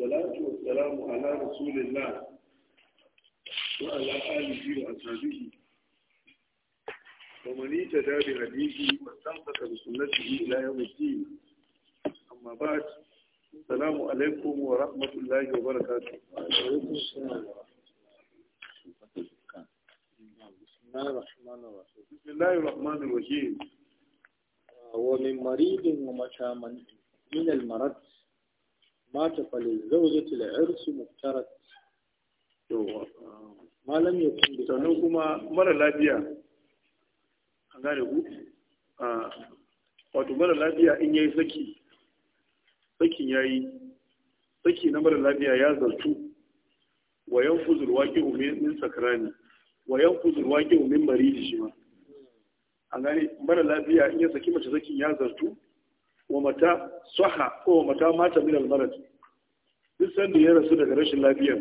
والصلاة والسلام على رسول الله وعلى آله وأصحابه ومن اهتدى بهديه واستنبط بسنته إلى يوم الدين أما بعد السلام عليكم ورحمة الله وبركاته وعليكم السلام بسم الله الرحمن الرحيم بسم الله الرحمن الرحيم ومن مريض ومشامن من المرض mata falil zaujati la irsu muftarat malam ya kun sannan kuma mara lafiya an gane ku wato mara lafiya in yayi saki sakin yayi saki na mara lafiya ya zartu wa yanfuzu alwaqi'u min sakrani wa yanfuzu alwaqi'u min maridi shi ma an gane mara lafiya in ya saki mace sakin ya zartu wa mata saha ko mata mata min al-marad duk sanda ya rasu daga rashin lafiya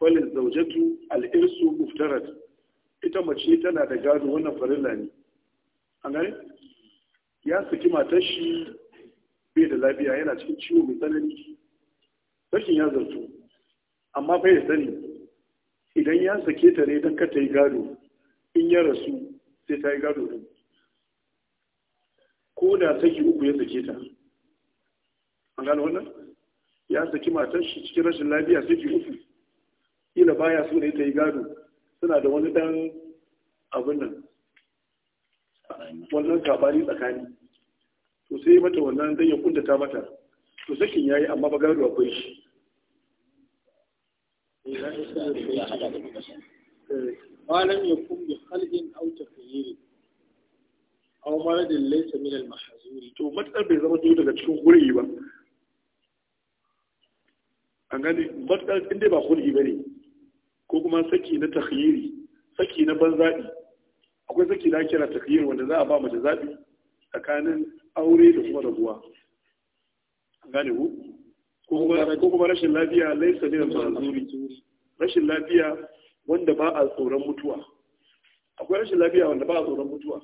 falin zaujatu al-irsu muftarat ita mace tana da gado wannan farilla ne an gane ya saki matar shi bai da lafiya yana cikin ciwo mai tsanani rashin ya zarto amma bai da sani idan ya sake ta ne don ka ta yi gado in ya rasu sai ta yi gado din ko da saki uku ya sake ta an gano wannan ya saki matar shi cikin rashin lafiya saki uku kila baya so ne ta yi gado suna da wani dan abin nan wannan kabari tsakani to sai mata wannan dan ya kuntata mata to sakin yayi amma ba gado akwai shi eh, eh, malam ya kun bi auta aw aw maradin laysa min al mahzuri to matsar bai zama to daga cikin hurri ba an gani matsar inda ba hurri bane ko kuma saki na takhyiri saki na banzaɗi akwai saki da kira takhyiri wanda za a ba mace zaɓi tsakanin aure da kuma rabuwa an gane ku ko kuma rashin lafiya laysa min al mahzuri rashin lafiya wanda ba a tsoron mutuwa akwai rashin lafiya wanda ba a tsoron mutuwa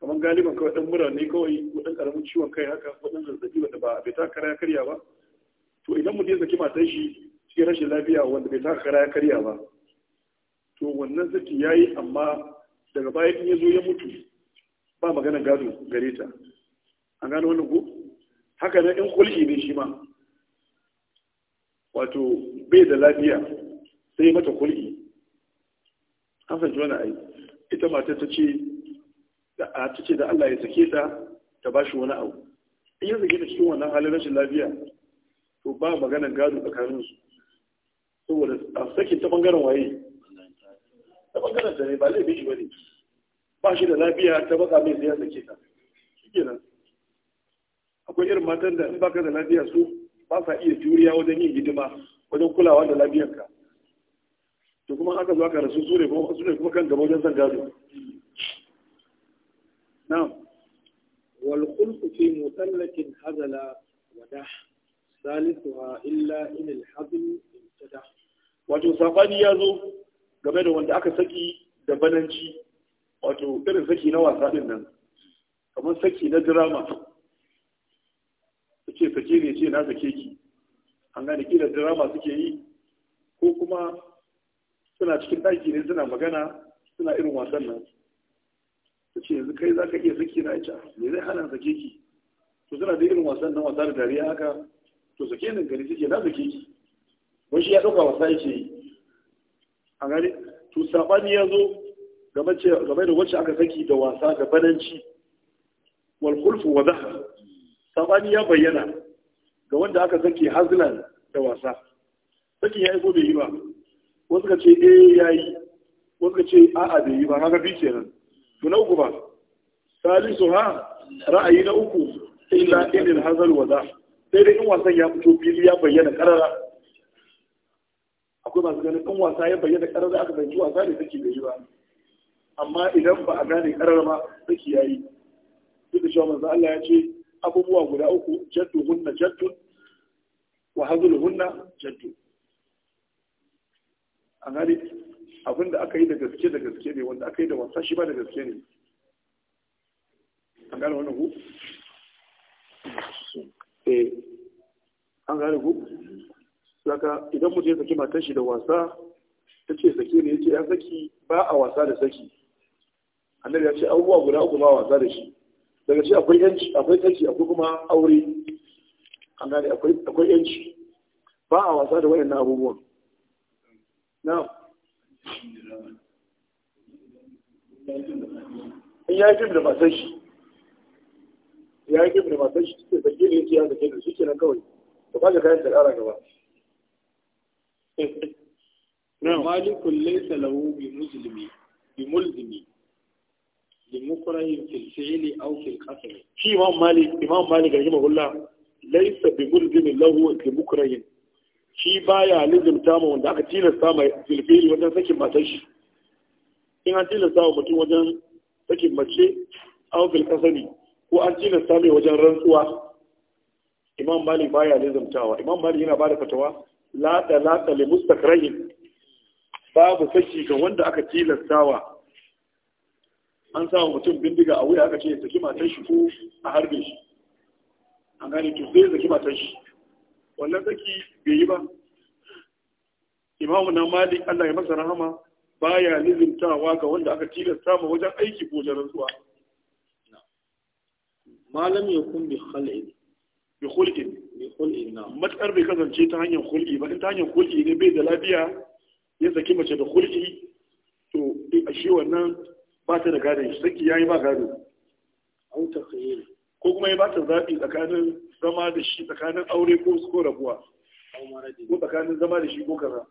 kamar galiban kawai dan mura ne kawai ko karamin ciwon kai haka ko zazzaɓi zazzabi wanda ba bai taka kara ya karya ba to idan mutum ya saki matan shi cikin rashin lafiya wanda bai taka kara ya karya ba to wannan ya yi amma daga baya in ya zo ya mutu ba magana gado gare ta an gano wannan ko haka nan in kulki ne shi ma wato bai da lafiya sai mata kulki an fahimci wani ai ita matar ta ce a ta ce da Allah ya sake ta ta ba shi wani abu in ya sake ta cikin wannan halin rashin lafiya to ba maganar gado tsakanin su saboda a sakin ta bangaren waye ta bangaren ta ne ba laifin shi bane ba shi da lafiya ta baka mai sai ya sake ta shikenan akwai irin matan da in baka da lafiya su ba sa iya juriya wajen yin hidima wajen kulawa da lafiyarka to kuma aka zo aka rasu su ne kuma kan gaba wajen san gado na'am wal khulqu fi mutallakin hazala wada salisuha illa in al hazl intada wato sabani zo game da wanda aka saki da bananci wato irin saki na wasa din nan kamar saki na drama ce sake ne ce na sake ki an gane kila drama suke yi ko kuma suna cikin ɗaki ne suna magana suna irin wasan nan ce yanzu kai za ka iya saki na ita me zai hana sake ki to suna da irin wasan nan wasa da dariya haka to sake nan gari suke na sake ki wani shi ya ɗauka wasa yake yi a gani to saɓani ya zo game da wacce aka saki da wasa da bananci wal kulfu wa zahar saɓani ya bayyana ga wanda aka saki hazlan da wasa sakin ya yi ko bai yi ba wasu ka ce eh ya yi wasu ka ce a'a bai yi ba haka bi kenan to na uku ba salisu ha ra'ayi na uku illa ilil hazal waza sai dai in wasan ya fito fili ya bayyana karara akwai masu ganin in wasa ya bayyana karara aka fahimci wasa ne take bai ba amma idan ba a gane karara ba take yayi duk da cewa manzo Allah ya ce abubuwa guda uku jaddu hunna jaddun wa hazluhunna jaddun a gane abin da aka yi da gaske da gaske ne wanda aka yi da wasa shi ba da gaske ne an gane wani hu? eh an gane ku? saka idan mutum ya saki matar shi da wasa ta ce sake ne yake ya saki ba a wasa da saki annabi ya ce abubuwa guda uku ba wasa da shi daga ce akwai yanci akwai saki akwai kuma aure an gane akwai yanci ba a wasa da wayannan abubuwan Na. in ya yi fim da shi da suke zage ne ya zage da shi nan kawai da ba da kayan da ƙara gaba malikun laisa lahu bi muslimi bi mulzimi bi mukrahin fil shi imam malik imam malik rahimahullah laisa bi mulzimi lahu bi mukrahin shi baya lizimta ma wanda aka tilasta mai filifili wajen sakin matan shi in an tilasta wa mutum wajen sakin mace an filkasa ne ko an tilasta mai wajen rantsuwa imam malik baya lizimtawa imam Mali yana ba da fatawa lata lata li mustakrahin babu saki ga wanda aka tilasta wa. an sa mutum bindiga a wuya aka ce ya saki matan shi ko a harbe shi an gane to sai saki matan shi wannan saki bai yi ba imamu na malik allah ya masa rahama baya nizintawa ga wanda aka tilasta ma wajen aiki ko wajen rantsuwa malam ya kun bi khalil bi khul'in bi khul'in na matsar bai kasance ta hanyar khul'i ba in ta hanyar khul'i ne bai da lafiya ya saki mace da khul'i to a ashe wannan ba ta da gadon saki yayi ba gado au ta ko kuma ya ba ta zabi tsakanin zama da shi tsakanin aure ko ko rabuwa ko tsakanin zama da shi ko kaza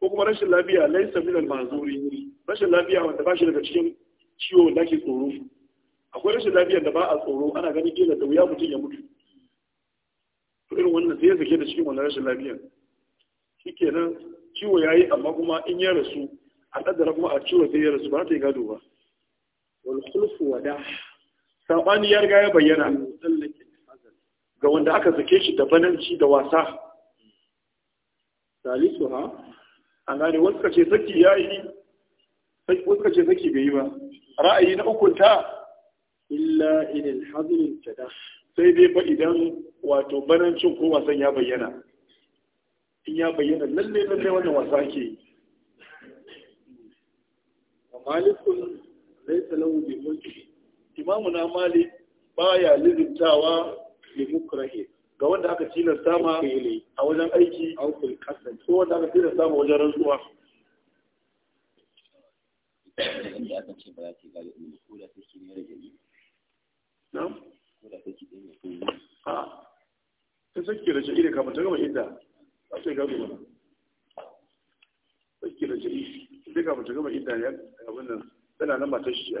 ko kuma rashin lafiya laisa min al-mazuri rashin lafiya wanda ba shi daga cikin ciwo da ke tsoro akwai rashin lafiyar da ba a tsoro ana ganin kila da wuya mutum ya mutu to irin wannan sai ya zake da cikin wannan rashin lafiyar shikenan ciwo yayi amma kuma in ya rasu a kaddara kuma a ciwo sai ya rasu ba ta yi gado ba wal khulfu wada sabani ya riga ya bayyana ga wanda aka zake shi da bananci da wasa salisu ha an gani wasu ce saki ya yi wasu ce saki bai yi ba ra'ayi na hukunta illa inil hazirin tada sai dai fa idan wato banancin ko wasan ya bayyana in ya bayyana lalle lalle wannan wasa ke yi malikun zai talau bi mulki imamu na malik baya lizintawa limukrahi ga wanda aka tilasta sama a wajen aiki ko wanda aka tilasta wajen rantsuwa inda aka ce ba za ta gane ilimi ko da ta ke ne rajali na ko da ta ke ne ko yi a ta sake kamar ta gama inda ba ta ba sake ta gama inda ya tana nan ba ta shi ya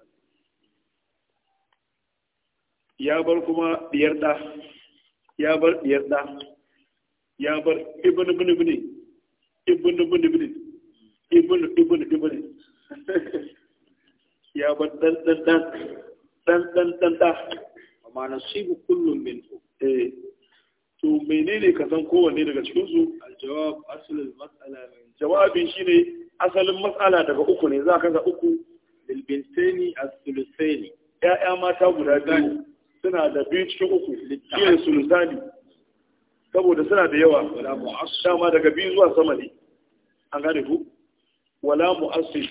ya bar kuma diyar da ya bar diyar da ya bar ibn ibn ibn ibn ibn ibn ibn ibn ibn ya bar dan dan dan dan dan dan da amma nasibu kullum min eh to menene ka san kowanne daga cikin su aljawab asalin mas'ala min jawabin shine asalin mas'ala daga uku ne za ka ga uku lil bintaini as-thuluthaini ya'ya mata guda biyu suna da biyu cikin uku shi ne sulusani saboda suna da yawa dama daga biyu zuwa sama ne an gane ku wala mu'assir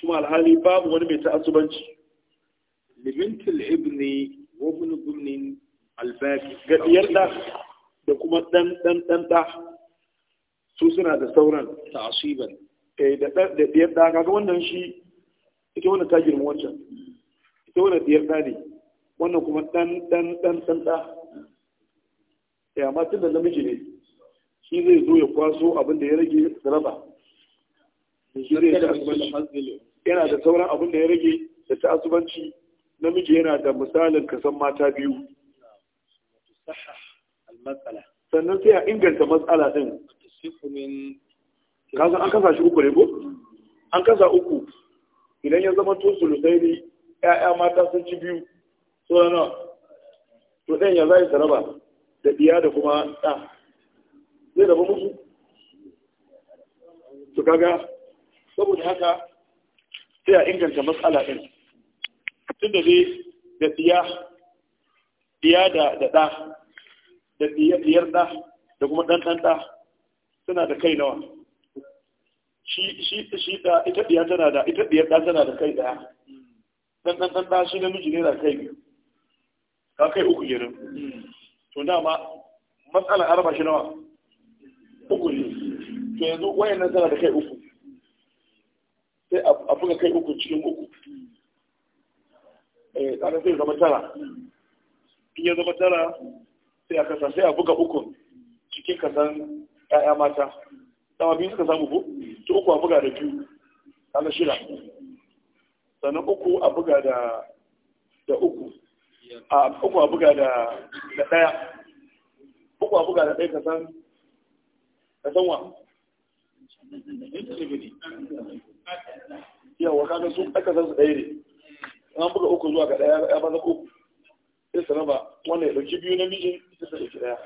kuma alhali babu wani mai ta'assubanci limintul ibni wa ibn ibn albaki ga diyar da da kuma dan dan dan da su suna da sauran ta'asiban eh da da diyar da kaga wannan shi ita wannan ta girma wancan ita wannan diyar da ne wannan kuma dan dan dan dan da ya amma tun da namiji ne shi zai zo ya kwaso abin da ya rage raba yana da sauran abin da ya rage da ta'asubanci namiji yana da misalin kasan mata biyu sannan sai a inganta matsala din kasan an kasa shi uku ne ko an kasa uku idan ya zama to sulusai ne 'ya'ya mata sun ci biyu sauran nawa to ɗan ya zai raba da ɗiya da kuma ɗa zai rabu musu to kaga saboda haka sai a inganta matsala ɗin tun da dai da ɗiya ɗiya da da ɗa da ɗiyar ɗa da kuma ɗan ɗan ɗa suna da kai nawa shi shi shi da ita biya tana da ita ɗiyar ɗa tana da kai ɗaya ɗan ɗan ɗan ɗa shi namiji ne da kai biyu ka kai uku kenan to dama matsalar arba shi nawa uku ne to yanzu na tana da kai uku sai a buga kai uku cikin uku eh kana sai zama tara in ya zama tara sai a kasa sai a buga uku cikin kasan ƴaƴa mata dama biyu suka samu ko to uku a buga da biyu kana shida sannan uku a buga da da uku a uku buga da ɗaya uku buga da ɗaya ka san ka san wa yawa su aka san su ɗaya ne an buga uku zuwa ga ɗaya ya ba uku sai su raba wanda ya ɗauki biyu na mijin sai su ɗauki ɗaya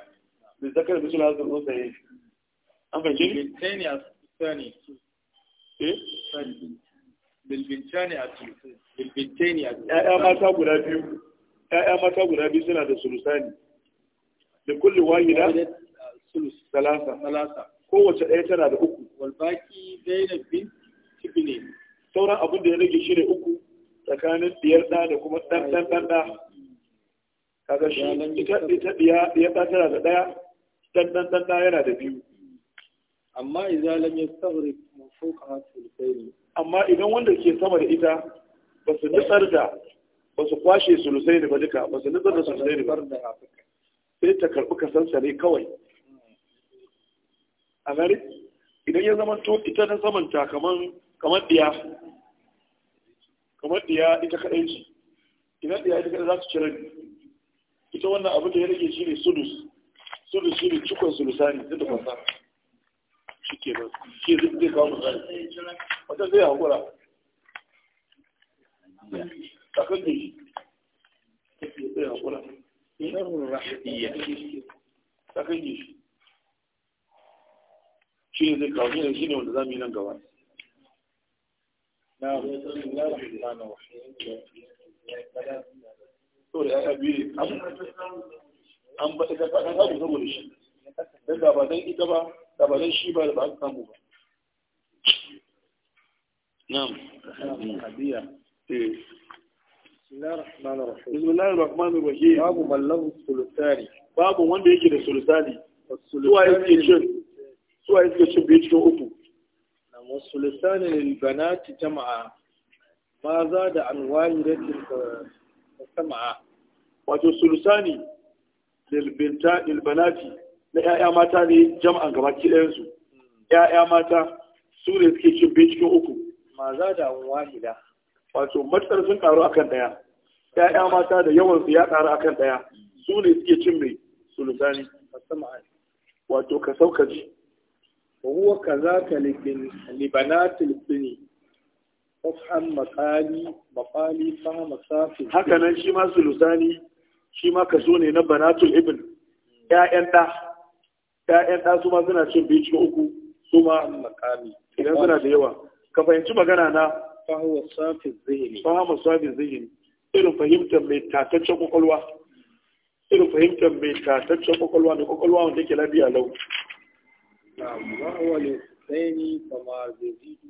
da zakar bisu na zurɗo yi. an fahimci ne? eh? bilbintani a eh? bilbintani a ya mata guda biyu ‘ya'ya mata guda biyu suna da sulusani da kulli wahida salasa kowace ɗaya tana da uku walbaki zainab bin tibni sauran abin da ya rage shi ne uku tsakanin diyar ɗa da kuma ɗan ɗan ɗan ɗa kaga shi ita ita diya diya ɗa tana da ɗaya ɗan ɗan ɗan ɗa yana da biyu amma idan lam saurin fawqa hasil bayni amma idan wanda ke sama da ita ba su nisar da ba su kwashe lusai ne ba duka ba su nutsar da lusai ne ba sai ta karɓi kasansare kawai a gari idan ya zama to ita na samanta kamar diya kamar diya ita kaɗai ce idan diya ita kaɗai za su cire ita wannan abin da ya rage shi ne sudus sudus shi ne cikon sulusani duk da kwasa shi ke ba shi zai kawo misali wata zai haƙura kafin ne shi kafin da ya kula sharhul rahiyya kafin da shi shi ne zai kawo ne shi ne wanda zamu yi nan gaba na to da ya biyu an ba ita kan saboda shi dan da ba dan ita ba da ba shi ba da ba samu ba na'am hadiya eh Bismillahir Rahmanir Rahim. Babu mallahu sulusani. Babu wanda yake da sulusani. Suwa yake cin cin bai cikin uku. Nam sulusani lil banati jama'a. Ma za da an wahidatin sama'a. Wato sulusani lil banati na 'ya'ya mata ne jama'an gabaki ɗayan hmm. 'Ya'ya mata su ne suke cin bai cikin uku. Ma za da an wahida. wato matsar sun karu akan daya ƴaƴa mata da yawan su ya karu akan daya su ne suke cin mai sulusani wato ka sauka ji wa huwa kazaka libanatil bini fafhan maqali maqali fahma safi haka nan shi ma sulusani shi ma kaso ne na banatul ibn ƴaƴan da ƴaƴan da su ma suna cin biyu uku su ma maqali idan suna da yawa ka fahimci magana na fahimu safi zihini fahimu safi irin fahimtar mai tataccen kwakwalwa irin fahimtar mai tataccen kwakwalwa da kwakwalwa wanda ke lafiya lau na wawale tsaini kama zazidu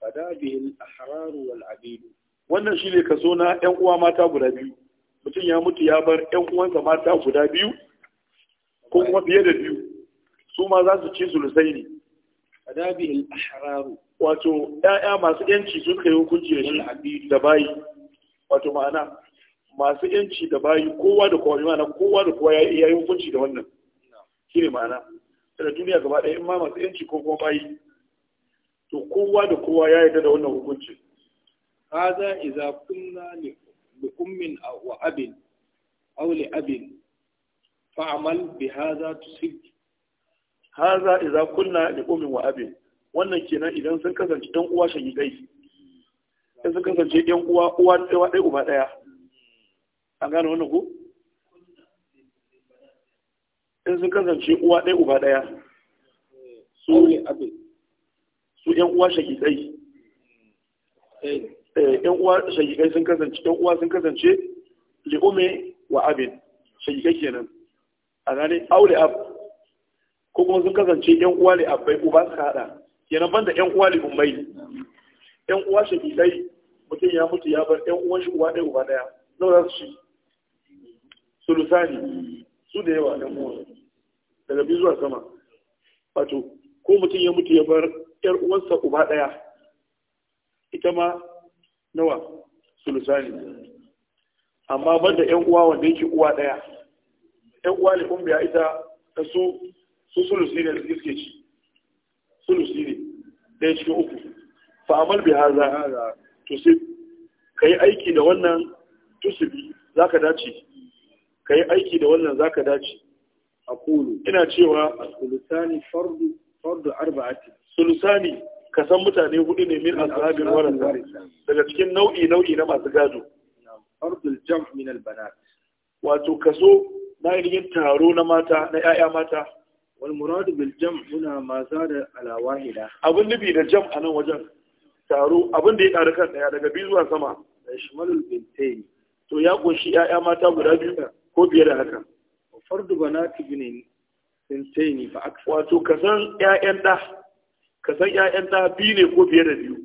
fada bihin ahararu wal abidu wannan shi ne kaso na yan uwa mata guda biyu mutum ya mutu ya bar yan uwansa mata guda biyu ko kuma fiye da biyu su ma za su ci su sulusai ne da fada a hararu. wato ‘ya'ya masu ‘yanci sun kai hukunci da shi da bayi wato ma'ana masu ‘yanci da bayi kowa da kowa ma'ana kowa da kowa ya yi hukunci da wannan shi ne ma'ana da duniya gaba ɗaya in ma masu ‘yanci ko kuma bayi to kowa da kowa ya yarda da wannan hukunci haza idza kunna li ummin wa abin aw li abin fa'amal bi hadha tusib haza idza kunna li ummin wa abin wannan kenan idan sun kasance ɗan uwa shahidai idan sun kasance ɗan uwa uwa ɗaya uba ɗaya an gane wannan ko in sun kasance uwa ɗaya uba ɗaya su ne abin? su ɗan uwa shahidai ɗan eh, uwa shahidai sun kasance ɗan uwa sun kasance li'ume wa abin shahidai kenan a gane aure ab ko kuma sun kasance ɗan uwa li'abbai uba su haɗa ban banda ƴan uwa li'ummai ƴan uwa shafiƙai mutum ya mutu ya bar ƴan uwan shi uwa ɗaya uba ɗaya nawa za su ci sulusani su da yawa ƴan uwa daga biyu zuwa sama wato ko mutum ya mutu ya bar 'yan uwansa uba ɗaya ita ma nawa sulusani amma banda ƴan uwa wanda yake uwa ɗaya ƴan uwa li'ummiya ita ta su su sulusi ne da suke ci sulusi ne ɗaya cikin uku fa'amal bi haza tusib ka yi aiki da wannan tusibi za ka dace ka yi aiki da wannan za ka dace a kulu ina cewa sulusani fardu arba'ati sulusani ka san mutane hudu ne min waran warasa daga cikin nau'i nau'i na masu gado fardul jam' min albanat wato kaso na yin taro na mata na 'ya'ya mata wal muradu bil jam' muna maza zada ala wahida abin nufi da jam' a nan wajen taro abin da ya ƙara kan ɗaya daga biyu zuwa sama da shimalul bintain to ya ƙunshi ƴaƴa mata guda biyu ko biyar da haka fardu wato kasan ƴaƴan da biyu ne ko biyar da biyu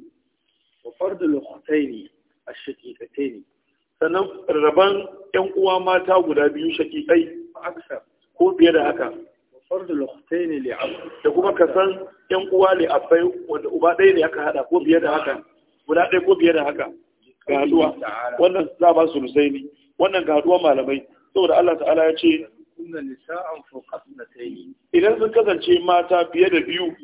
wa fardul ukhtaini ash-shaqiqataini sannan raban ƴan uwa mata guda biyu shaqiqai fa aksa ko biyar da haka fardul ukhtayn li da kuma ka san yan uwa li abai wanda uba ɗaya ne aka hada ko biye da haka guda ɗaya ko biye da haka ga haduwa wannan za ba su rusaini wannan ga haduwa malamai saboda Allah ta'ala ya ce idan sun kasance mata biye da biyu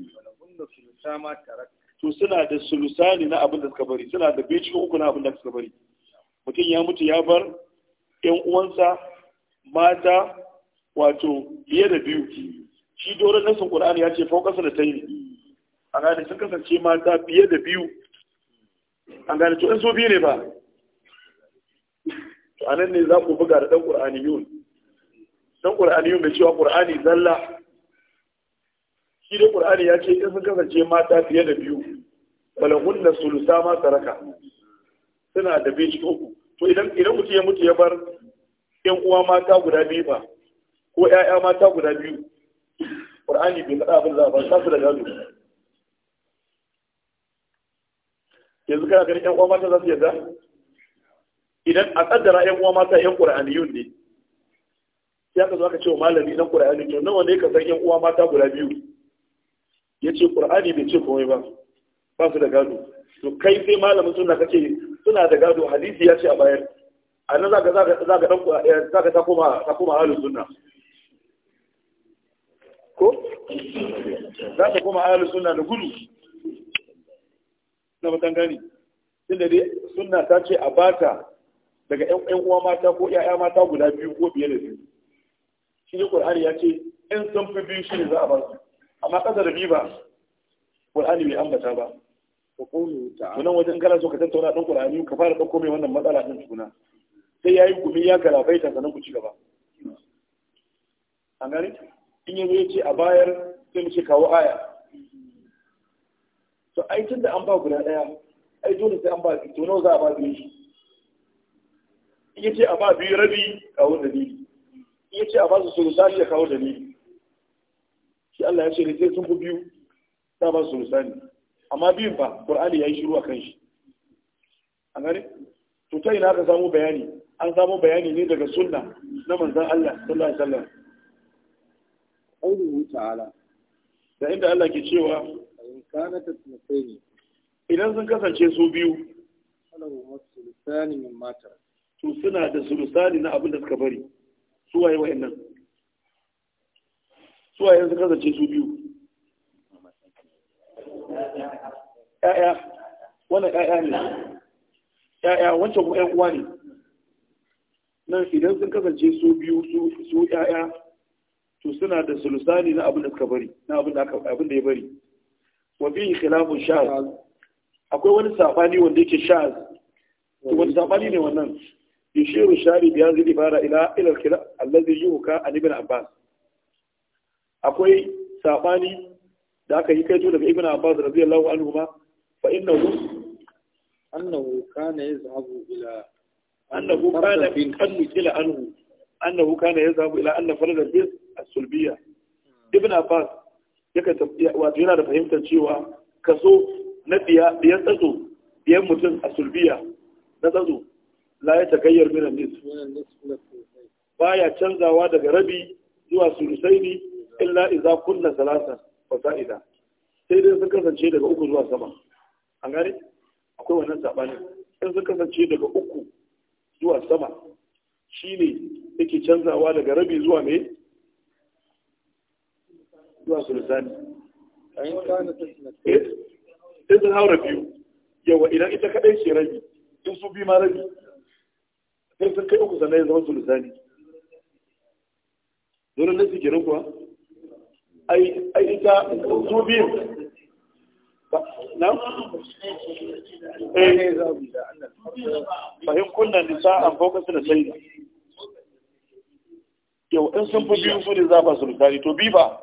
to suna da sulusa ne na abin da suka bari suna da biyu cikin uku na abin da suka bari mutum ya mutu ya bar yan uwansa mata wato fiye da biyu shi doron nasin qur'ani ya ce fauka yi. a gane sun kasance mata fiye da biyu an gane to in so biyu ne ba to anan ne za ku buga da dan Ɗan dan qur'aniyun mai cewa qur'ani zalla shi dai qur'ani ya ce in sun kasance mata fiye da biyu balahunna sulusa ma saraka. suna da biyu uku to idan idan mutum ya mutu ya bar yan uwa mata guda biyu ba ko ‘ya'ya mata guda biyu ƙur'ani bai faɗa abin za a ba su da gado yanzu kana ganin ‘yan uwa mata za su yadda? idan a ƙaddara ‘yan uwa mata ‘yan yun ne ya ka zo aka ce wa malami ɗan ƙur'ani to nawa ne ka san ‘yan uwa mata guda biyu ya ce ƙur'ani bai ce komai ba ba su da gado to kai sai malamin suna ka ce suna da gado hadisi ya ce a bayar a nan za ka za ka za ka ta koma ta koma halin sunna za ta koma ahalus suna da gudu na matangani. gani tunda dai sunna ta ce a bata daga ƴan uwa mata ko ƴaƴa mata guda biyu ko biye da biyu shi ne qur'ani ya ce in sun fi biyu shi ne za a ba su amma ƙasa da biyu ba qur'ani bai ambata ba sunan wajen kana so ka tattauna ɗan qur'ani ka fara ɗauko mai wannan matsala ɗin tukuna sai ya yi gumi ya galabaita sannan ku ci gaba an gane in yi ya ce a bayar sai muke kawo aya to ai tun da an ba guda ɗaya ai dole sai an ba biyu to nawa za a ba biyu in yi ce a ba biyu rabi kawo biyu in yi ce a ba su sulusani ya kawo biyu shi Allah ya ce da sai sun ku biyu ta ba su sulusani amma biyun fa Qur'ani ya yi shiru a kan shi a gane to ta ina aka samu bayani an samu bayani ne daga sunna na manzon Allah sallallahu alaihi wasallam qawluhu ta'ala da inda Allah ke cewa in kana tatnatayn idan sun kasance su biyu alahu masulusani min mata to suna da sulusani na abin da suka bari su waye wayannan su waye sun kasance su biyu Ya'ya. wannan ya'ya ne Yaya wancan kuma ƴan uwa ne nan idan sun kasance su biyu su yaya. to suna da sulusani na abin da suka bari na abin da abin da ya bari wa bi khilafu shaz akwai wani safani wanda yake shaz to wani safani ne wannan yushiru shari bi hadhihi ibara ila ila al-khilaf alladhi yuka an ibn abbas akwai safani da aka yi kaito daga ibn abbas radiyallahu anhu ma fa innahu annahu kana yazhabu ila annahu kana bin kallu ila annahu annahu kana yazhabu ila anna farada bis asulbiya ibn abbas yake wato yana da fahimtar cewa kaso na biya biyan tsatso biyan mutum asulbiya na tsatso la ya tagayyar min an-nisf baya canzawa daga rabi zuwa sulusaini illa idza kunna salasan sa'ida sai dai sun kasance daga uku zuwa sama an gane akwai wannan sabani sai sun kasance daga uku zuwa sama shine yake canzawa daga rabi zuwa mai zuwa sulusani in eh, sun haura biyu yawa idan ita kaɗai ce rabi in su bi ma rabi sai sun kai uku sannan ya zama sulusani dole ne su kenan kuwa ai ita su biyu eh, Nan? eh fahim kunna nisa an fauka na sai yau in sun fi biyu su ne za ba sulusani to bi ba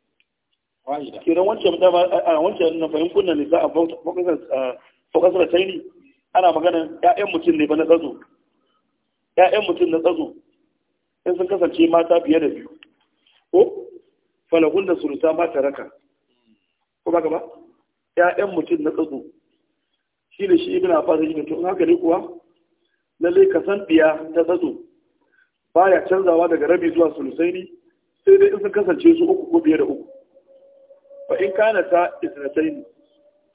kiran wancan dama a wancan na fahimkun nan za a fokasar taini ana magana. ƴaƴan mutum ne ba na tsazo ƴaƴan mutum na tsazo in sun kasance mata biye da biyu ko falahun da ba ta raka, ko ba gaba ƴaƴan mutum na tsazo shi ne shi ibn abbas yake to haka ne kuwa lalle ka san biya ta tsazo baya canzawa daga rabi zuwa sulusaini sai dai in sun kasance su uku ko biye da uku fa in kana ta isnatayn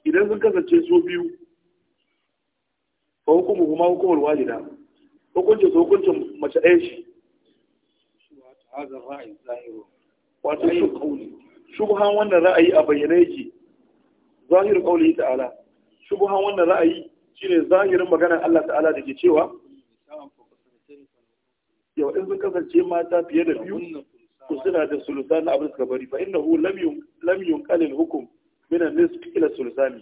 idan sun kasance su biyu fa hukumu huma hukumul walida hukuncin su hukuncin mace ɗaya shi wato shubhan wannan ra'ayi a bayyana yake zahiru qawli ta'ala shubhan wannan ra'ayi shine zahirin magana Allah ta'ala da ke cewa yau in sun kasance mata fiye da biyu suna da sulusan na abin suka bari fa innahu lam yunqalil hukum min an ila sulusani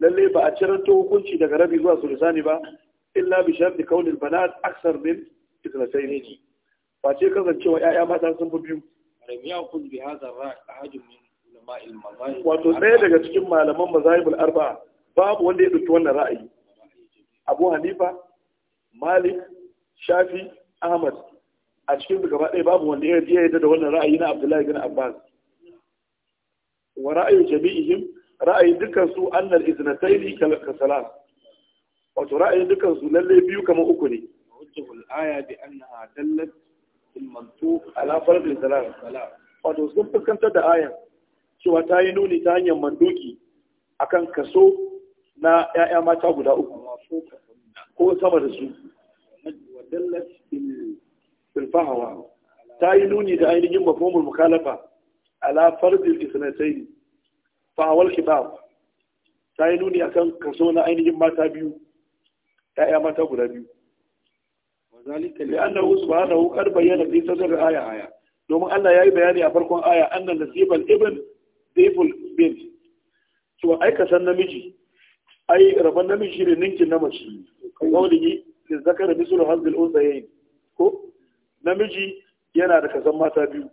lalle ba a ciranto hukunci daga rabi zuwa sulusani ba illa bi sharti kauni al-banat aksar min ithnatayn fa ce kasancewa ƴaƴa mata sun fi biyu lam yakun bi hadha ra'y ahadun min ulama al-mazahib wato ɗaya daga cikin malaman mazahib al-arba'a babu wanda ya dauki wannan ra'ayi Abu Hanifa Malik Shafi Ahmad a cikin su gaba ɗaya babu wanda ya yadda da wannan ra'ayi na Abdullahi bin Abbas wa ra'ayi jami'ihim ra'ayi dukkan su annal iznataini ka salat wato ra'ayi dukkan su lalle biyu kamar uku ne wajhul aya bi annaha dallat bil mantuq ala farq salat wato sun fuskantar da ayan cewa ta yi nuni ta hanyar mandoki akan kaso na ƴaƴa mata guda uku ko sama da su wadallat bil bilfahawa ta yi nuni da ainihin mafhumul mukhalafa ala fardil isnatayn fahawal kibab ta yi nuni akan kaso na ainihin mata biyu ya'ya mata guda biyu wazalika li annahu subhanahu qad bayyana fi sadr aya aya domin Allah yayi bayani a farkon aya annan nasibal ibn dayful bint to ai kasan namiji ai rabon namiji ne ninkin na mace kawai ne zakara bisul hazil unsayayn ko namiji yana da kasan mata biyu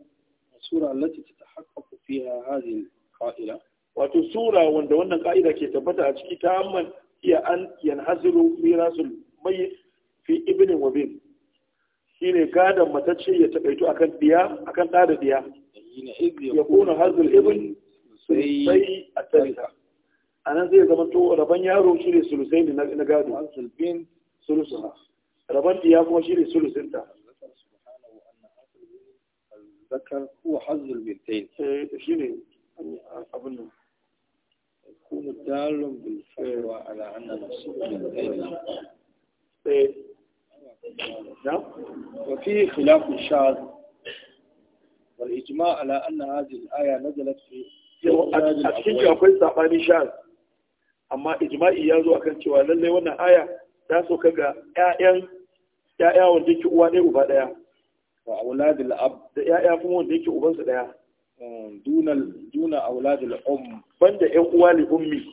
sura allati tatahaqqaqu fiha hadhihi al-qa'ila wato sura wanda wannan ka'ida ke tabbata a ciki ta amman iya an yanhaziru mirasul mayyit fi ibnin wa bin shine gadan matacce ya takaito akan diya akan da da diya ya kuna hazul ibn sai a tarika anan zai zama to raban yaro shine sulusai na gado hazul bin sulusa raban diya kuma shine sulusinta zakar huwa hazzul mirtain eh shine abin nan kuma dalon bil faywa ala anna nasib mirtain eh da wa fi khilaf shaz wal ijma' ala anna hadhihi al aya nazalat fi a cikin akwai sabani shaz amma ijma'i ya zo akan cewa lallai wannan aya ta so kaga ƴaƴan ƴaƴa wanda ke uwa ɗaya uba ɗaya wa auladul ab da ya'ya kuma wanda yake ubansu daya mm, duna duna auladul um banda ƴan uwa li ummi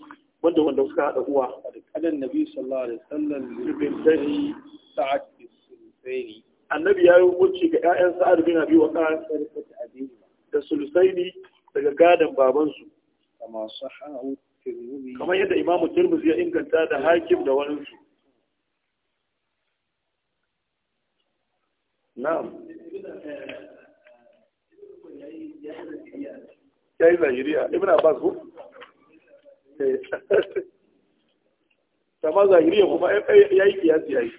banda wanda suka hada uwa kadan nabi sallallahu alaihi wasallam rubin dari sa'ad sulsaini annabi ya yi wuce ga ƴaƴan sa'ad bin abi waqas da sulsaini daga gadan babansu kama sahahu kamar yadda imamu tirmidhi ya inganta da hakim da waninsu na'am Yayi Najeriya, ibn abbas ko eh. sama zahiriya kuma eh, eh, ya yi kiyasi ya yi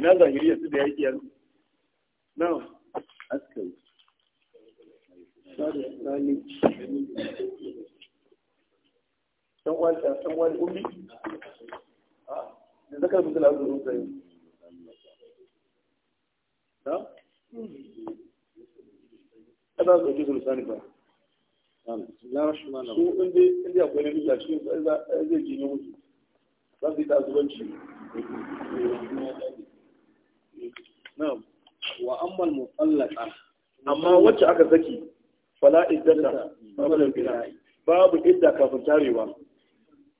ina zahiriya su da ya yi kiyasi na askari ɗan wani ɗan wani umi ah, da zakar mutu da sai na? ƙasa su ake zulusani S su inda inda akwai na nisa shi zai gini mutu za su yi tazubanci na'am wa ammal mutallaka amma wacce aka saki fala iddata babu babu idda kafin tarewa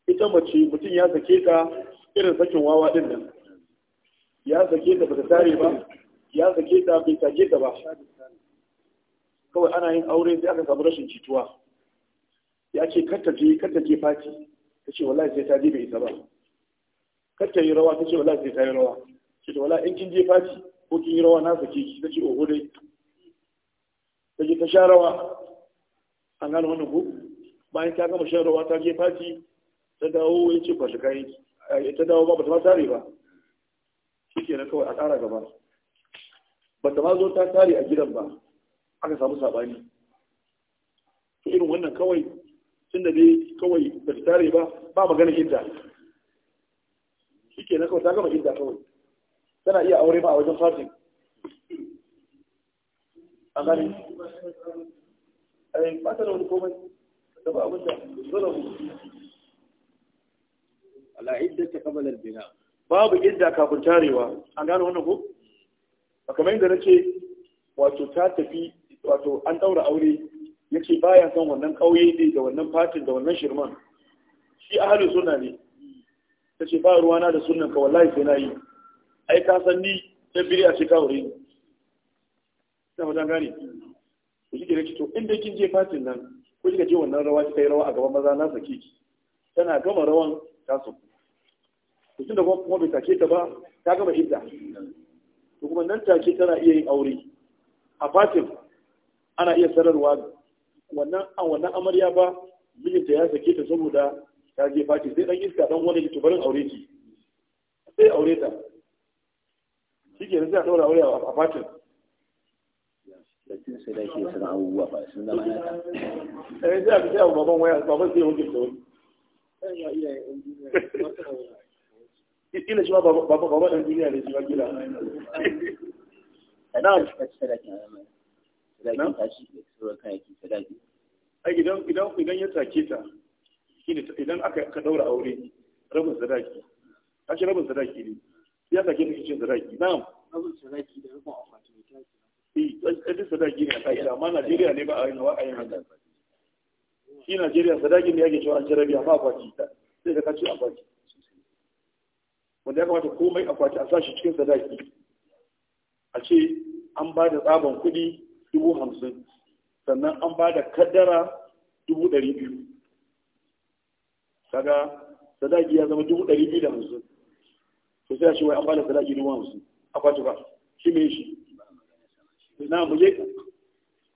ita mace mutum ya sake ka irin sakin wawa din nan ya sake ta bata tare ba ya sake ta bai sake ta ba kawai ana yin aure sai aka samu rashin jituwa ya ce kar ta je je fati ta ce wallahi sai ta je bai isa ba kar ta yi rawa ta ce wallahi sai ta yi rawa ce ta wallahi in kin je fati ko kin yi rawa na sake ki ta ce oho dai ta je ta sha rawa an gano wannan ko bayan ta gama shan rawa ta je fati ta dawo ya ce kwashi kayan ta dawo ba ba ta ma tare ba shi kenan kawai a ƙara gaba ba ta ma zo ta tare a gidan ba aka samu sabani to irin wannan kawai tunda dai kawai ba ta tare ba ba magana idda shike na kawai ta gama idda kawai tana iya aure ma a wajen fatin a gani ai eh, ba ta da wani komai da ba abin da dole mu ala idda ta kabala albina babu idda kafin tarewa A gane wannan ko kamar yadda nace wato ta tafi wato an daura aure ya ce baya son wannan ƙauye ne da wannan fatin da wannan shirman shi ahalin suna ne ta ce ba ruwana da sunan ka wallahi sai na yi ai ka san ni ɗan biri a ce ka wuri ta wajen gane ku shi ke to inda kin je fatin nan ko kika je wannan rawa kika rawa a gaban maza na saki tana gama rawan ta su mutum da kuma bai take ta ba ta gama idda to kuma nan take tana iya yin aure a fatin ana iya sararwa wannan wannan amarya ba mijinta ya sake ta saboda ta je fati sai dan iska dan wani ki barin aure ki sai aure ta shike sai a daura aure a fatin lakin sai da ke suna abubuwa ba sun zama na ta sai eh, sai a ga baban waya baban sai hukunta da wani ila shi baban dan duniya ne shi ma gida na'am Sadakin ta shi sauran kayayyaki idan idan idan ya take ta shine idan aka ka daura aure rabin sadaki. Kashi rabin sadaki ne. Ya sake ta sadaki. Na'am. Rabin sadaki da rabin akwati ne ta ce. Eh, sadaki ne a kai amma Najeriya ne ba a yin wa haka. Shi Najeriya sadaki ne yake cewa an ci rabi amma akwati sai ka kace akwati. Wanda ya kamata komai akwati a sashi cikin sadaki. A ce an ba da tsaban kuɗi dubu hamsin sannan an ba da kaddara dubu ɗari biyu kaga sadaki ya zama dubu ɗari biyu da hamsin to sai shi wai an ba da sadaki dubu hamsin a kwato ba shi ne shi na muje je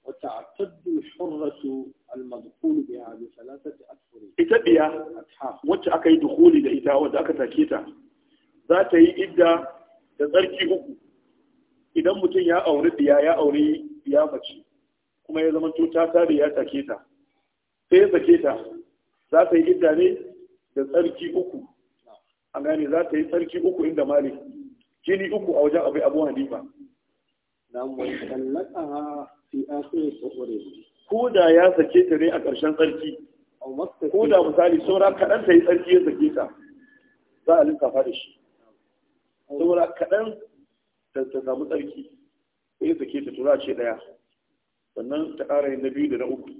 wata a tattun tadu shurratu almadkhulu bi hadhihi thalathati ashhur ita biya wacce aka yi dukhuli da ita wanda aka take ta za ta yi idda da tsarki uku idan mutum ya auri biya ya auri. ya mace kuma ya zama ta da ya take ta sai ya sake ta za ta yi idda ne da tsarki uku a gane za ta yi tsarki uku inda malik jini uku a wajen abu abu hanifa ko da ya sake ta ne a ƙarshen tsarki ko da misali saura kaɗan ta yi tsarki ya sake ta za a fa da shi saura kaɗan ta samu tsarki ya zake ta tura ce ɗaya sannan ta ƙara yin na biyu da na uku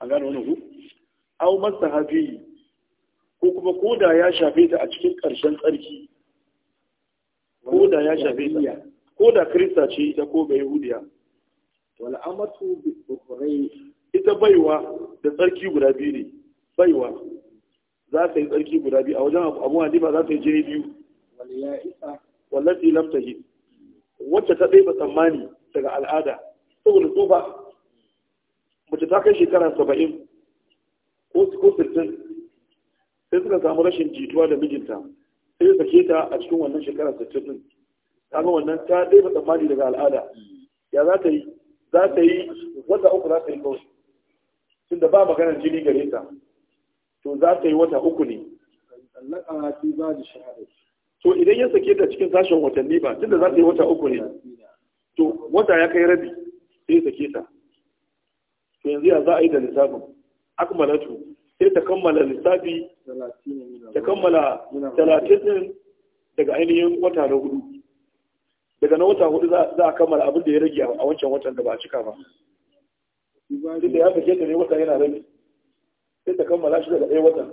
A gano wani ku au masa hafi ko kuma ko da ya shafe ta a cikin ƙarshen tsarki ko da ya shafe ta ko da krista ce ita ko ga yahudiya wala amatu bi ita baiwa da tsarki guda biyu ne baiwa za ta yi tsarki guda biyu a wajen abu ba za ta yi jini biyu wallati lam tahid wacce ta ɗaya tsammani daga al'ada saboda tsufa mace ta kai shekara saba'in ko ko sittin sai suka samu rashin jituwa da mijinta sai ya sake ta a cikin wannan shekara sittin ta ga wannan ta ɗaya tsammani daga al'ada ya za ta yi za ta yi wata uku za ta yi kawai tunda ba maganar jini gare ta to za ta yi wata uku ne Allah a ba da shahadar to idan ya sake ta cikin sashen watanni ba tunda za ta yi wata uku ne to wata ya kai rabi sai ya sake ta to yanzu ya za a yi da lissafin akmalatu sai ta kammala lissafi ta kammala talatin daga ainihin wata na hudu daga na wata hudu za a kammala abin da ya rage a wancan watan da ba a cika ba duk da ya sake ta ne wata yana rabi sai ta kammala shi daga ɗaya wata,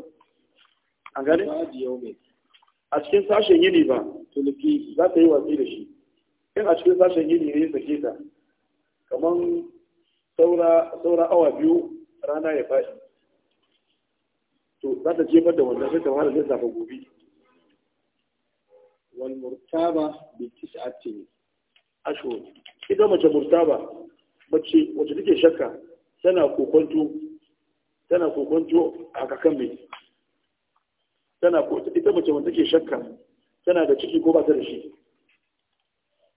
a gane? a cikin sashen yini ba tuluki za ta yi watsi da shi in a cikin sashen yini ne sake ta kamar saura awa biyu rana ya faɗi to za ta jefar da wannan sai ta fara lissafa gobe wal murtaba bi tis'ati ashhur ita mace murtaba mace wacce take shakka tana kokonto tana kokonto a kakan mai tana ko ita mace wanda take shakka tana da ciki ko ba ta da shi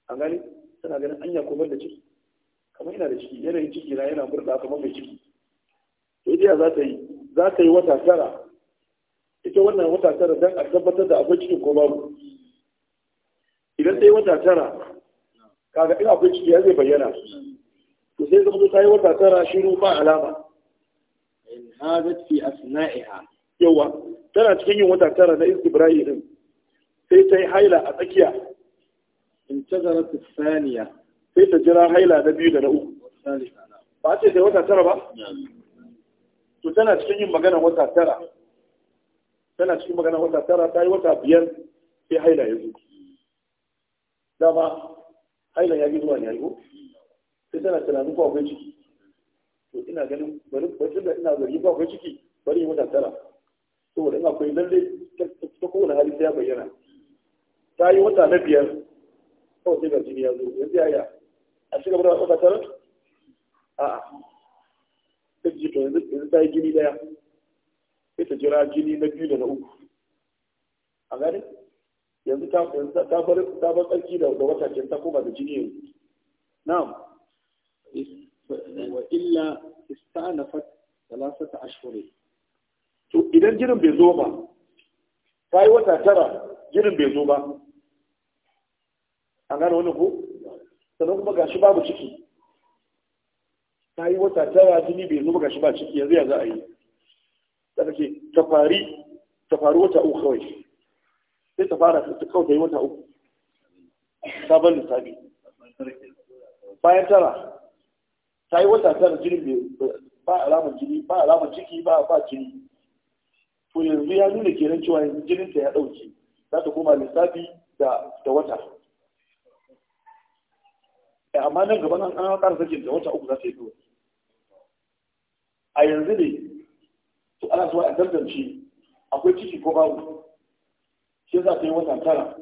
an gani tana ganin anya ko da ciki kamar ina da ciki yanayin ciki na yana murda kamar mai ciki to ita za ta yi za ta yi wata tara ita wannan wata tara dan a tabbatar da akwai cikin ko babu idan ta yi wata tara kaga ina akwai ciki ya zai bayyana to sai zama ta yi wata tara shiru ba alama in hadat fi asna'iha yawa tana cikin yin wata tara na istibra'i din sai ta yi haila a tsakiya in ta zara ta saniya sai ta jira haila na biyu da na uku ba ce ta wata tara ba to tana cikin yin magana wata tara tana cikin magana wata tara ta yi wata biyar sai haila ya zo dama haila ya zuwa ne haihu sai tana tunanin ko akwai ciki to ina ganin bari bari ina zargi ko akwai ciki bari yi wata tara saboda lalle ta kowane hali sai ya bayyana ta yi wata na biyar kawai sai ga ya zo yanzu ya yi a shiga bada wata tara a ta ji to yanzu ta yi gini daya sai ta jira gini na biyu da na uku a gani yanzu ta bar tsarki da wata ke ta koma da jini yanzu na'am wa illa istanafat salasata ashhurin to idan jinin bai zo ba ta yi wata tara jinin bai zo ba an gane wani ko sannan kuma gashi babu ciki ta yi wata tara jini bai zo ba gashi ba ciki yanzu ya za a yi ta ce ta fari ta faru wata uku kawai sai ta fara ta kawai ta yi wata uku sabon lissafi bayan tara ta yi wata tara jini ba alamar jini ba alamar ciki ba ba jini to yanzu ya nuna kenan cewa yanzu jininta ya ɗauki, za ta koma lissafi da wata amma nan gaban an an ƙara sakin da wata uku za ta yi zuwa a yanzu ne to ana zuwa a tantance akwai ciki ko babu shi za ta yi wata tara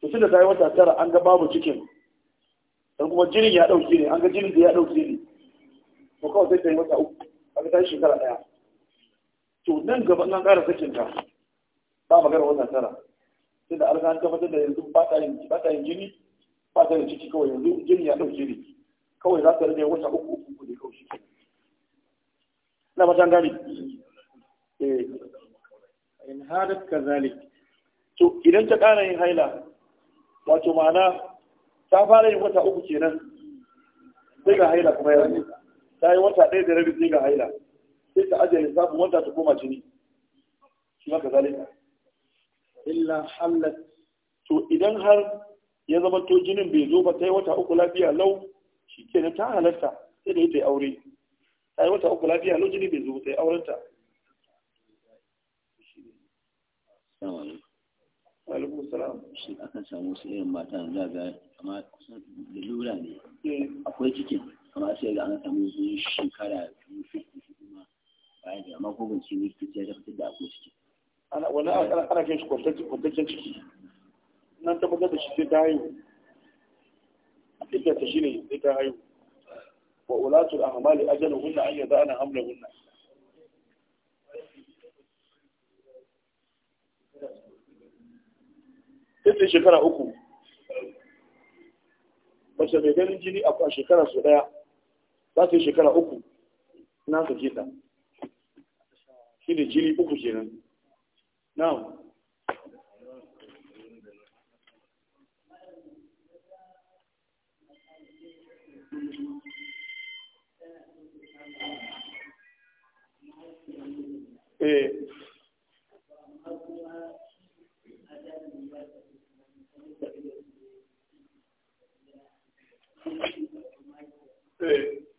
to tun da ta yi wata tara an ga babu cikin dan kuma jinin ya ɗauki ne an ga jinin da ya ɗauki ne to kawai sai ta yi wata uku aka ta yi shekara ɗaya to nan gaba nan ƙara sakin ka ba magana wannan tara sai da alƙan ta tabbatar da yanzu ba ta yin ba jini ba ta yin ciki kawai yanzu jini ya ɗauke ne kawai za ta rage wata uku uku ne kawai shi na ba tan gani eh in hadat kazalik to idan ta ƙara yin haila wato ma'ana ta fara yin wata uku kenan sai ga haila kuma ya ta yi wata ɗaya da rabi sai ga haila sai ta ajiye lissafin wanda ta koma jini shi maka zalika illa hallat to idan har ya zama to jinin bai zo ba ta yi wata uku lafiya lau shi ke ta halarta sai da ya ta yi aure ta wata uku lafiya lau jini bai zo ta aurenta kaya ne amma ko ban ce ne ciki ya fitar da akwai ciki ana wani ana kai shi kwantaccen ciki nan tabbatar da shi sai ta haihu a cikin ta shi ne sai ta haihu wa ulatul ahmali ajaluhunna an yada'na hamlahunna sai shekara uku mace mai ganin jini a shekara su daya za su yi shekara uku na sake ta shi ne uku kenan na'am eh eh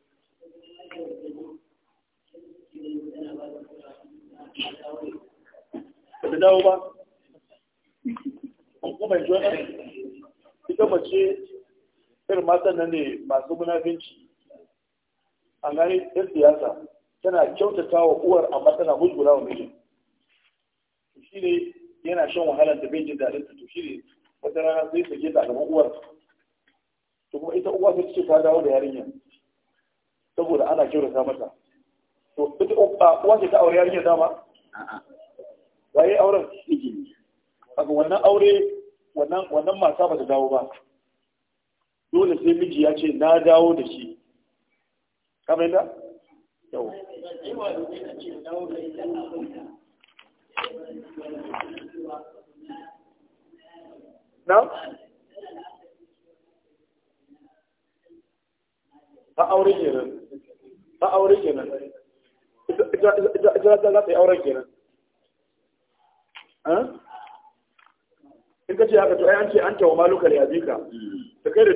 da dawo ba kuma mai jona ita mace irin matan nan ne masu munafinci a gani yan siyasa tana kyautata wa uwar amma tana hujgura wa mijin shi ne yana shan wahalar da bai jin daɗin ta to shi ne wata rana sai sake ta gaban uwar to kuma ita uwa sai ce ta dawo da yarinyar saboda ana kyautata mata to ita uwa ce ta aure yarinyar dama waye auren miji kaga wannan aure wannan wannan mata ba ta dawo ba dole sai miji ya ce na dawo da shi kamar yadda yau na ta aure kenan ta aure kenan ita za ta yi auren kenan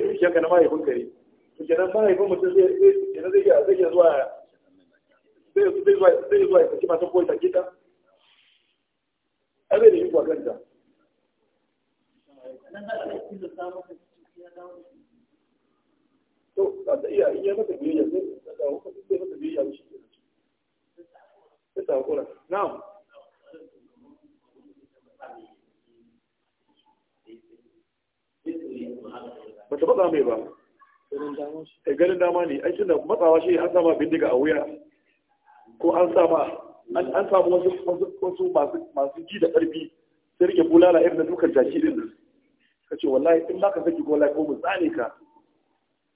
dukiya ka na mahaifin kare to kenan mahaifin mutum zai zai zai zai zuwa ya saki matan kowai saki ta ai bai da iko a kanta to za ta sai ta hakura ba ta matsa mai ba a eh, ganin dama ne ai tunda matsawa shi an sama bindiga a wuya ko an sama an samu wasu wasu masu ji da ƙarfi sai rike bulala irin na dukan jaki din ka ce wallahi in ba ka saki ko wallahi ko mu tsane ka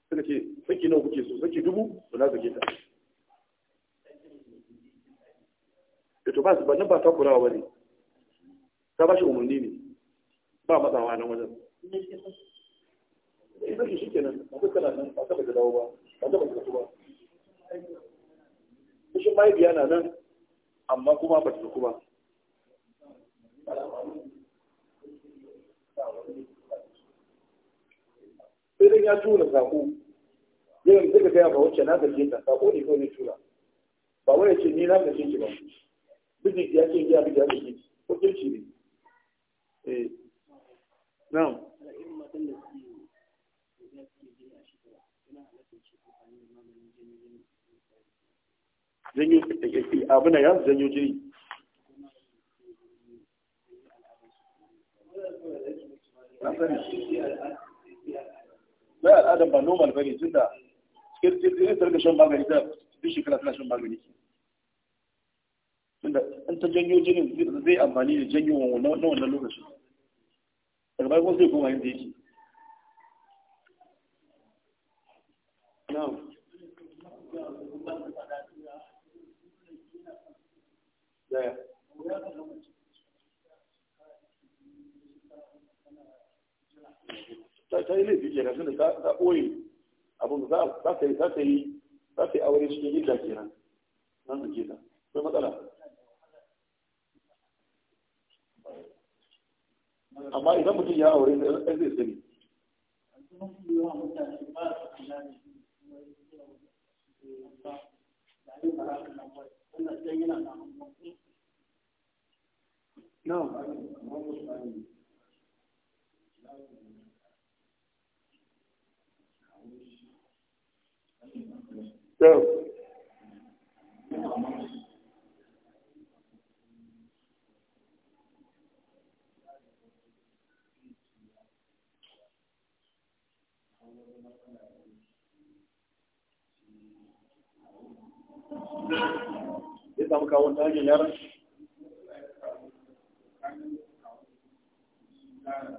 suka ce saki nawa kuke so saki dubu to na sake ta to ba su bannin ba ta kurawa ba ne ta ba shi umarni ne ba matsawa nan wajen eh, zai shi ba shi na nan amma kuma ba ba sai ya tura sako yawan zai ga gaya ba wacce na gaje ta sako ne kawai tura ba wai ce ni na gaje ki ba biji ya ce ya biji ya ce hukunci eh na'am janyo abin da ya janyo jini bai al'adar ba normal bane tun da cikin shan magani ta duk shekara tana ke tunda in ta janyo jinin zai amfani da janyo na wannan lokacin daga zai koma yake ta yi laifi tunda ta ɓoye ta yi nan da ke ta matsala amma idan mutum ya aure sai zai sani No. So, ya samu kawo ta hanyar yaran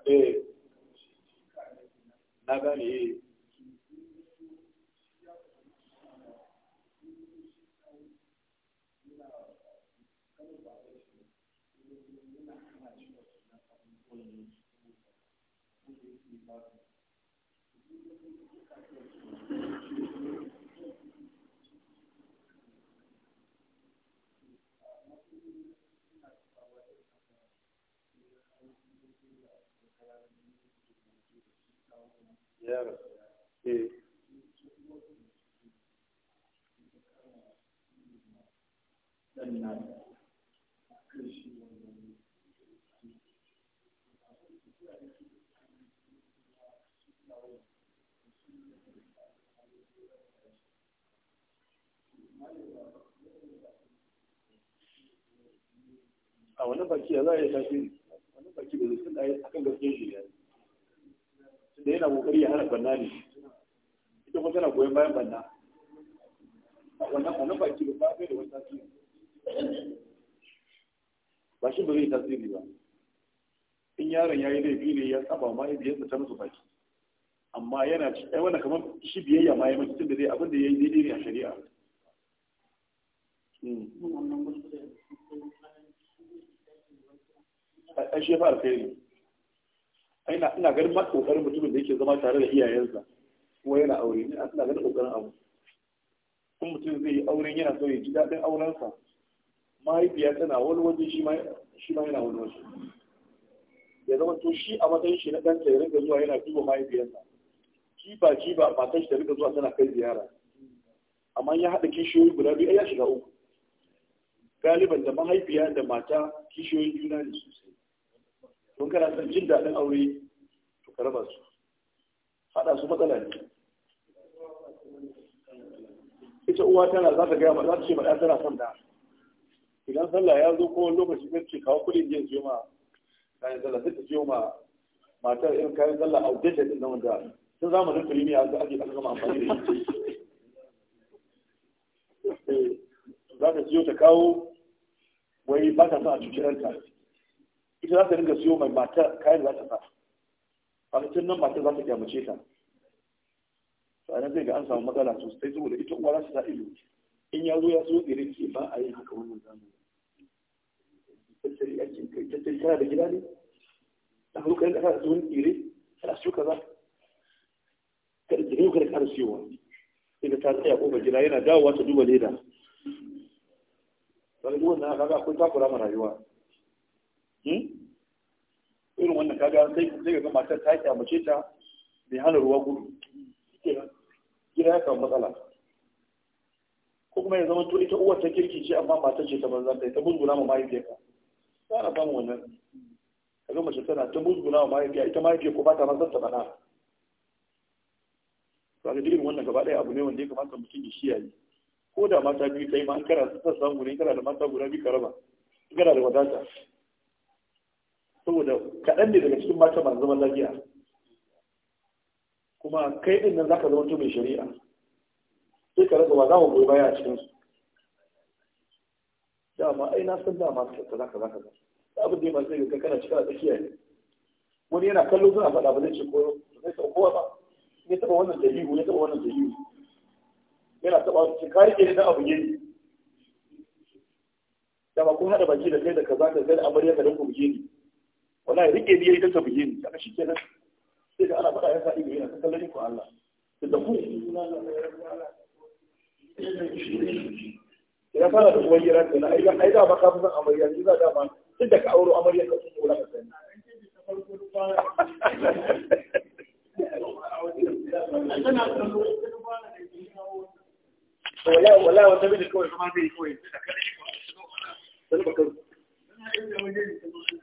eh na gane eh yara a wani baki ya za a yi wani baki da zai da yana kokari ya hana banna ne ita kuma tana goyon bayan banna wannan wannan ba ki ba da wani tasiri ba shi ba zai tasiri ba in yaron ya yi laifi ne ya saba ma ya biyarsa ta musu baki amma yana ci ai wannan kamar shi biyayya ma ya mace tun da zai abin da ya yi daidai ne a shari'a hmm. a shi ya fara ina ina ganin ma kokarin mutumin da yake zama tare da iyayensa kuma yana aure ina ina ganin kokarin abu kun mutum zai yi aure yana so ya ji daɗin aurensa mahaifiya tana wani waje shi ma yana wani waje ya zama to shi a matsayin shi na ɗan ya rinka zuwa yana duba mahaifiyarsa jiba jiba matan shi ta rinka zuwa tana kai ziyara amma ya haɗa kishiyoyi guda biyu ya shiga uku galiban da mahaifiya da mata kishiyoyin juna ne sosai Kun kana son jin daɗin aure to ka raba su haɗa su matsala ne ita uwa tana za ta gaya za ta ce ba tana son da idan sallah ya zo kowane lokaci ta ce kawo kuɗin jiya siyo ma kayan sallah sai ta siyo ma matar irin kayan sallah wajen da na wanda sun zamanin kulimi a ake ɗan gama amfani da shi eh, za ta siyo ta kawo wai ba ta son a cuci ɗanta ita za ta ringa siyo mai mata kayan da za ta sa a nan matar za ta kyamace ta sannan zai ga an samu matsala sosai saboda ita uwa za su sa ido in ya zo ya so irin ke ba a yi haka wannan zamani tattali ake kai tattali kana da gida ne da hankalin kasa zuwan ire kana su kaza kada ki ka da kara siyowa ina ta tsaya ko gida yana dawowa ta duba leda daga duk wannan haka akwai takura ma rayuwa hmm irin wannan kaga sai sai ga matar ta kyamace ta bai hana ruwa gudu gida ya samu matsala ko kuma ya zama to ita uwar ta kirki ce amma matar ce ta banzan ta ta buzguna ma mahaifiyarka ta na samun wannan kaga mace tana ta buzguna ma mahaifiya ita mahaifiyar ko ba ta mazan ta bana kaga irin wannan gaba ɗaya abu ne wanda ya kamata mutum ya yayi ko da mata biyu ta yi ma an kara sassan guda kara da mata guda biyu ka raba kana da wadata saboda kaɗan ne daga cikin mata masu zaman lafiya kuma kai ɗin nan za ka zama mai shari'a sai ka rasa ba za mu goyi baya a cikinsu dama ai na san dama ka za ka za ka za abin da ya masu daga kana cika a tsakiya ne wani yana kallo suna faɗa ba zai ce ko zai taɓa kowa ba ne taɓa wannan dahihu ne taɓa wannan dahihu yana taɓa su ka rike ne na abu Da dama kun haɗa baki da kai da kaza ka kai da amarya ka dan ku ni? wallahi rike biye yayi ta tabiyin da shi kenan sai da ana fada ya sa'i ne ta kallon ku Allah da ku ya fara da uwar yaran da ai ai da ba ka fi san amarya za da ba tun da ka auro amarya ka tsoro la ka sani wala wata bi da kawai kuma zai kawai da